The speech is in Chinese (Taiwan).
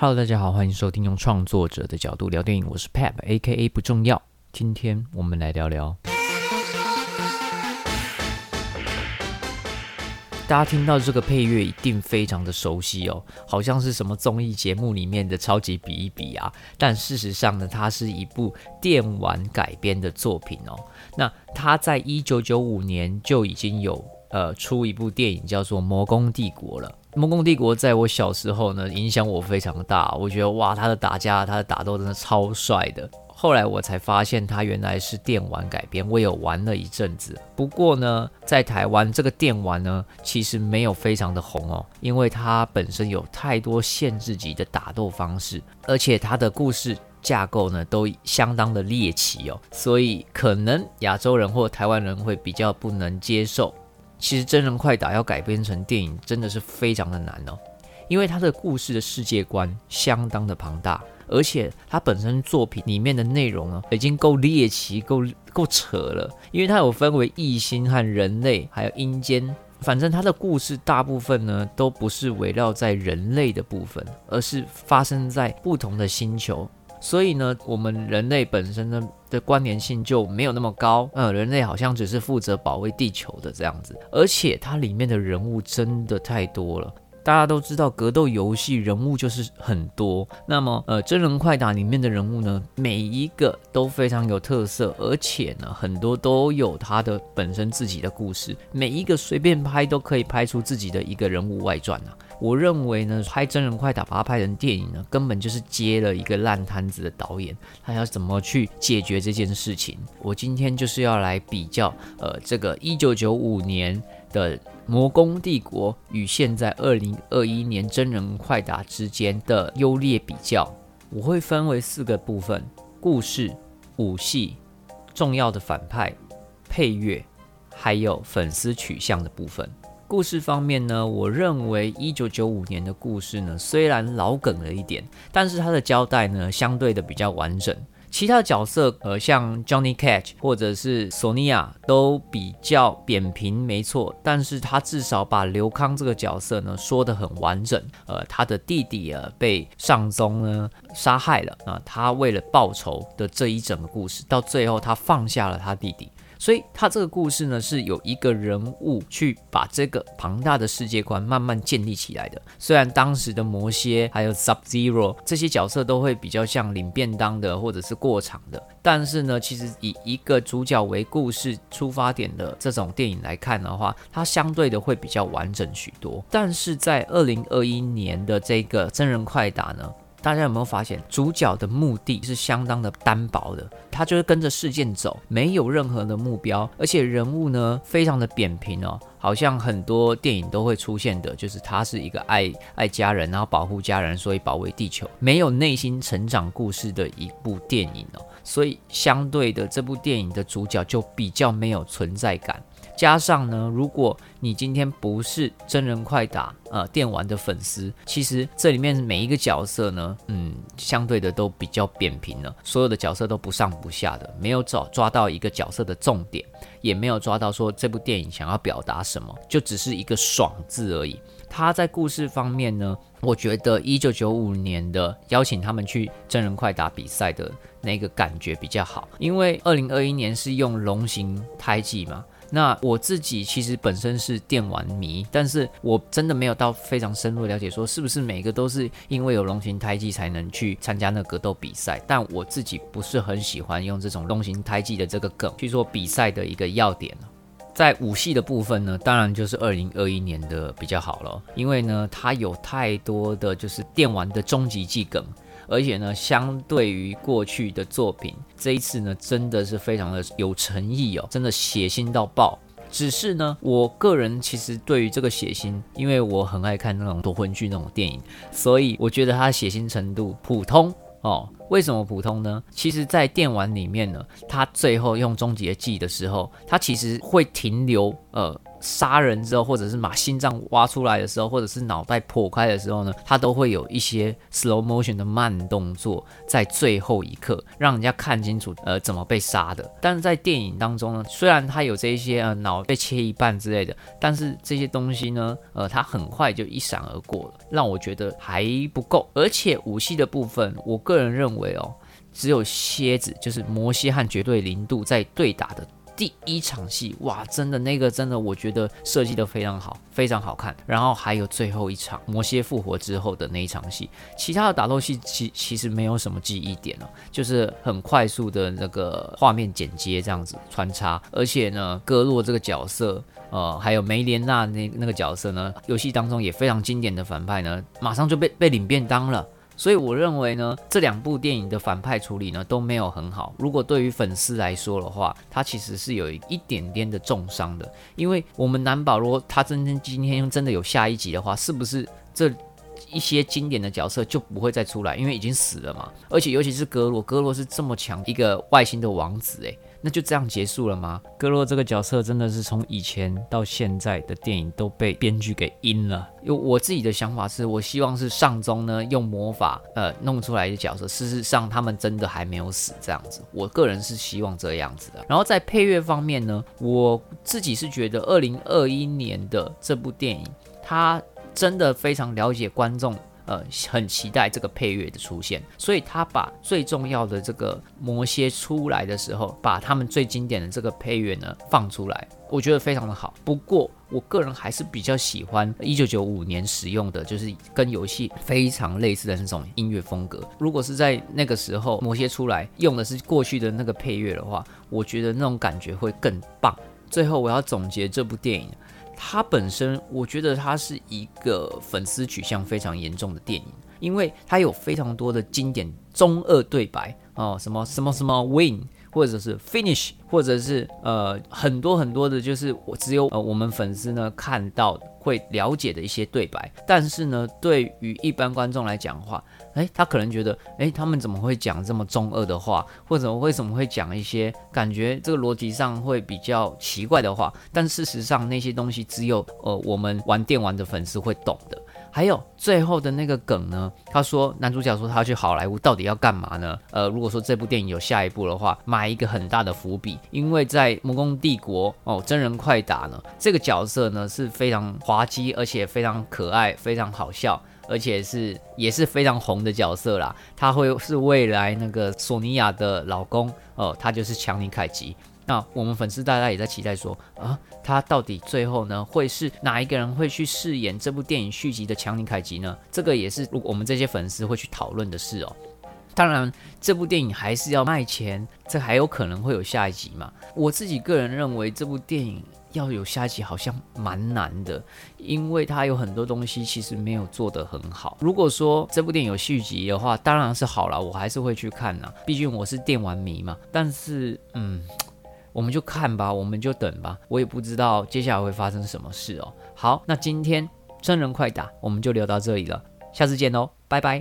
Hello，大家好，歡迎收聽用創作者的角度聊電影，我是 Pep，AKA 不重要。今天我們來聊聊，大家聽到這個配樂一定非常的熟悉哦，好像是什麼綜藝節目裡面的超級比一比啊。但事實上呢，它是一部電玩改編的作品哦。那它在一九九五年就已經有呃出一部電影叫做《魔宮帝國》了。《魔宮帝國》在我小時候呢，影響我非常大。我覺得哇，他的打架，他的打鬥真的超帥的。後來我才發現，他原來是電玩改編，我有玩了一陣子。不過呢，在台灣這個電玩呢，其實沒有非常的紅哦，因為它本身有太多限制級的打鬥方式，而且它的故事架構呢都相當的獵奇哦，所以可能亞洲人或台灣人會比較不能接受。其實真人快打要改編成電影，真的是非常的難哦，因為它的故事的世界觀相當的龐大，而且它本身作品裡面的內容啊，已經夠獵奇、夠夠扯了。因為它有分為異星和人類，還有陰間，反正它的故事大部分呢，都不是圍繞在人類的部分，而是發生在不同的星球。所以呢，我們人類本身呢的，的關聯性就沒有那麼高。呃、嗯，人類好像只是負責保衛地球的這樣子，而且它裡面的人物真的太多了。大家都知道，格鬥遊戲人物就是很多。那麼，呃，真人快打裡面的人物呢，每一個都非常有特色，而且呢，很多都有他的本身自己的故事。每一個隨便拍都可以拍出自己的一個人物外傳啊。我認為呢，拍真人快打把它拍成電影呢，根本就是接了一個爛攤子的導演，他要怎麼去解決這件事情？我今天就是要來比較，呃，這個一九九五年。的魔宮帝國與現在二零二一年真人快打之間的優劣比較，我會分為四個部分：故事、武戲、重要的反派、配樂，還有粉絲取向的部分。故事方面呢，我認為一九九五年的故事呢，雖然老梗了一點，但是它的交代呢，相對的比較完整。其他角色，呃，像 Johnny Cage 或者是索尼婭都比較扁平，沒錯。但是他至少把劉康這個角色呢，說得很完整。呃，他的弟弟呃被上宗呢殺害了，呃，他為了報仇的這一整個故事，到最後他放下了他弟弟。所以他這個故事呢，是有一個人物去把這個龐大的世界觀慢慢建立起來的。雖然當時的魔蠍還有 Sub Zero 這些角色都會比較像領便當的或者是過場的，但是呢，其實以一個主角為故事出發點的這種電影來看的話，它相對的會比較完整許多。但是在二零二一年的這個真人快打呢？大家有沒有發現，主角的目的是相當的單薄的，他就是跟着事件走，沒有任何的目標，而且人物呢，非常的扁平哦，好像很多電影都會出現的，就是他是一個愛愛家人，然後保護家人，所以保衛地球，沒有內心成長故事的一部電影哦，所以相對的，這部電影的主角就比較沒有存在感。加上呢，如果你今天不是真人快打呃電玩的粉絲，其實這裡面每一個角色呢，嗯，相對的都比較扁平了，所有的角色都不上不下的，沒有找抓到一個角色的重點，也沒有抓到說這部電影想要表達什麼，就只是一個爽字而已。他在故事方面呢，我覺得一九九五年的邀請他們去真人快打比賽的那個感覺比較好，因為二零二一年是用龍形胎記嘛。那我自己其實本身是電玩迷，但是我真的沒有到非常深入了解，說是不是每個都是因為有龍形胎記才能去參加那格鬥比賽。但我自己不是很喜歡用這種龍形胎記的這個梗去做比賽的一個要點。在武戲的部分呢，當然就是二零二一年的比較好了，因為呢它有太多的就是電玩的終極技梗。而且呢，相對於過去的作品，這一次呢，真的是非常的有誠意哦，真的血腥到爆。只是呢，我個人其實對於這個血腥，因為我很愛看那種奪魂鋸那種電影，所以我覺得他血腥程度普通哦。為什麼普通呢？其實，在電玩裡面呢，他最後用終結技的時候，他其實會停留呃。殺人之後，或者是把心臟挖出來的時候，或者是腦袋破開的時候呢，它都會有一些 slow motion 的慢動作，在最後一刻，讓人家看清楚，呃，怎麼被殺的。但是在電影當中呢，雖然它有這一些，呃，腦被切一半之類的，但是這些東西呢，呃，它很快就一閃而過了，讓我覺得還不夠。而且武器的部分，我個人認為哦，只有蠍子，就是摩西和絕對零度在對打的。第一場戲哇，真的那個真的，我覺得設計的非常好，非常好看。然後還有最後一場魔蠍復活之後的那一場戲，其他的打鬥戲其其實沒有什麼記憶點了，就是很快速的那個畫面剪接這樣子穿插。而且呢，戈洛這個角色，呃，還有梅蓮娜那那個角色呢，遊戲當中也非常經典的反派呢，馬上就被被領便當了。所以我認為呢，這兩部電影的反派處理呢都沒有很好。如果對於粉絲來說的話，他其實是有一點點的重傷的，因為我們難保羅他真正今天真的有下一集的話，是不是這一些經典的角色就不會再出來，因為已經死了嘛？而且尤其是格羅，格羅是這麼強一個外星的王子，欸，誒。那就這樣結束了嗎？戈洛這個角色真的是從以前到現在的電影都被編劇給陰了。有我自己的想法是，我希望是上中呢用魔法呃弄出來的角色。事實上他們真的還沒有死這樣子，我個人是希望這樣子的。然後在配樂方面呢，我自己是覺得二零二一年的這部電影，它真的非常了解觀眾。呃，很期待這個配樂的出現，所以他把最重要的這個魔蠍出來的時候，把他們最經典的這個配樂呢放出來，我覺得非常的好。不過我個人還是比較喜歡一九九五年使用的就是跟遊戲非常類似的那種音樂風格。如果是在那個時候魔蠍出來用的是過去的那個配樂的話，我覺得那種感覺會更棒。最後我要總結這部電影。它本身，我覺得它是一個粉絲取向非常嚴重的電影，因為它有非常多的經典中二對白哦，什麼什麼什麼 win。或者是 finish，或者是呃很多很多的，就是我只有呃我們粉絲呢看到會了解的一些對白，但是呢對於一般觀眾來講的話，哎、欸，他可能覺得哎、欸，他們怎麼會講這麼中二的話？或者為什麼會講一些感覺這個邏輯上會比較奇怪的話？但事實上那些東西只有呃我們玩電玩的粉絲會懂的。還有最後的那個梗呢？他說，男主角說他要去好萊塢到底要幹嘛呢？呃，如果說這部電影有下一部的話，埋一個很大的伏筆，因為在《魔宮帝國》哦，真人快打呢，這個角色呢是非常滑稽，而且非常可愛，非常好笑，而且是也是非常紅的角色啦。他會是未來那個索尼婭的老公哦，他就是強尼凱吉。那我們粉絲大家也在期待說啊，他到底最後呢會是哪一個人會去飾演這部電影續集的強尼凱吉呢？這個也是我們這些粉絲會去討論的事哦。當然，這部電影還是要賣錢，這還有可能會有下一集嘛。我自己個人認為，這部電影要有下一集好像蠻難的，因為它有很多東西其實沒有做得很好。如果說這部電影有續集的話，當然是好了，我還是會去看呢。畢竟我是電玩迷嘛。但是，嗯。我們就看吧，我們就等吧，我也不知道接下來會發生什麼事哦、喔。好，那今天真人快打我們就聊到這裡了，下次見囉，拜拜。